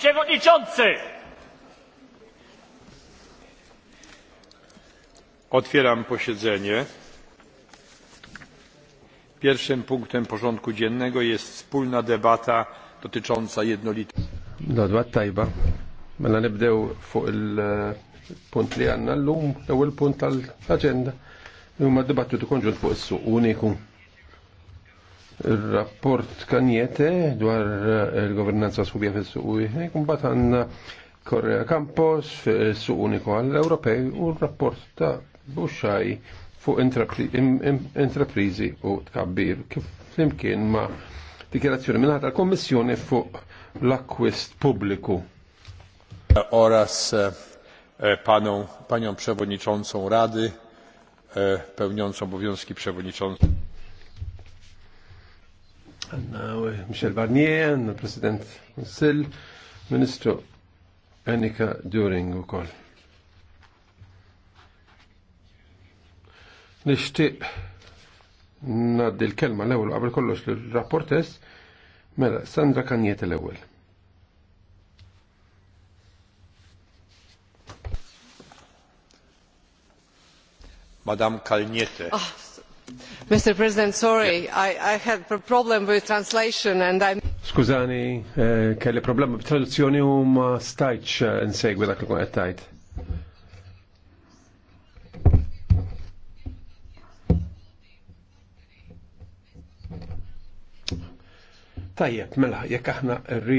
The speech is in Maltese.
Przewodniczący! Otwieram posiedzenie. Pierwszym punktem porządku dziennego jest wspólna debata dotycząca jednolitej. Dodwa tajba. Mela nibdew fuq il-punt li għanna l-lum, l-ewel punt tal-agenda. Huma dibattitu konġunt fuq il suq uniku il rapport kanjete dwar eh, il-governanza subja fil-suq uħnek, kumbat għanna Korea Campos fil-suq uniku għall-Ewropej u rapport ta' Buxaj fuq intraprizi u tkabbir kif flimkien ma' dikjerazzjoni minna tal kommissjoni fuq l-akwist publiku. Oraz eh, panią, panią przewodniczącą Rady, eh, pełniącą obowiązki przewodniczącą. Għanna Michel Barnier, għanna President Sill, Ministru Annika During u koll. Nishtiq naddi l-kelma l-ewel qabel kollox l-rapportess, mela Sandra Kanjiet l-ewel. Madame Kalniete. Ah, Mr. President, sorry, I, I had a problem with translation and I... Skużani, eh, kelli problema traduzzjoni u ma stajċ eh, insegwi dak li kun qed tajt. Tajjeb, mela, jekk aħna